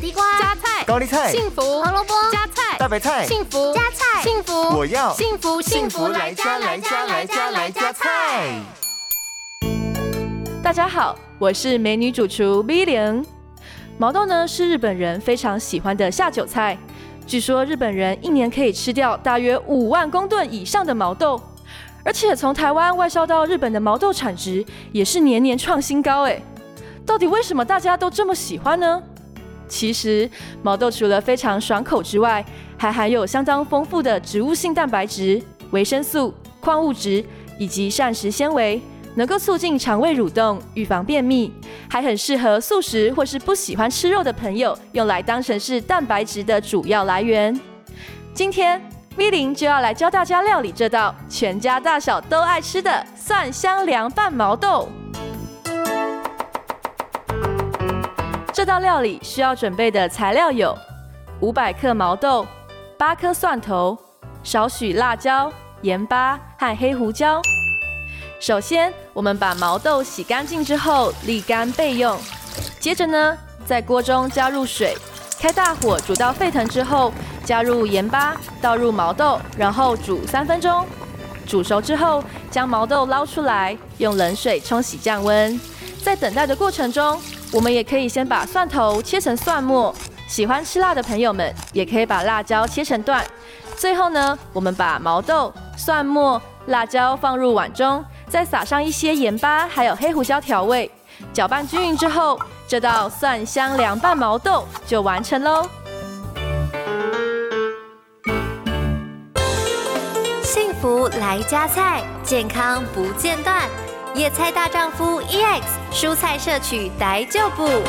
地瓜、加菜、高麗菜、幸福、胡蘿蔔、加菜、大白菜、幸福、加菜、幸福，我要幸福幸福來加來加來加來加菜。大家好，我是美女主廚威廉。毛豆呢是日本人非常喜歡的下酒菜，據說日本人一年可以吃掉大約五萬公噸以上的毛豆，而且從台灣外銷到日本的毛豆產值也是年年創新高誒，到底為什麼大家都這麼喜歡呢？其實毛豆除了非常爽口之外，還含有相當豐富的植物性蛋白質、維生素、礦物質以及膳食纖維，能夠促進腸胃蠕動，預防便秘，還很適合素食或是不喜歡吃肉的朋友用來當成是蛋白質的主要來源。今天 V 林就要來教大家料理這道全家大小都愛吃的蒜香涼拌毛豆。這道料理需要準備的材料有五百克毛豆、八顆蒜頭、少許辣椒、鹽巴和黑胡椒。首先，我們把毛豆洗乾淨之後瀝乾備用。接着呢，在鍋中加入水，開大火煮到沸騰之後，加入鹽巴，倒入毛豆，然後煮三分鐘。煮熟之後，將毛豆撈出來，用冷水沖洗降溫。在等待的過程中，我們也可以先把蒜頭切成蒜末，喜歡吃辣的朋友們也可以把辣椒切成段。最後呢，我們把毛豆、蒜末、辣椒放入碗中，再撒上一些鹽巴，還有黑胡椒調味，攪拌均勻之後，這道蒜香涼拌毛豆就完成嘍。幸福來加菜，健康不間斷。野菜大丈夫，EX 蔬菜攝取逮就補。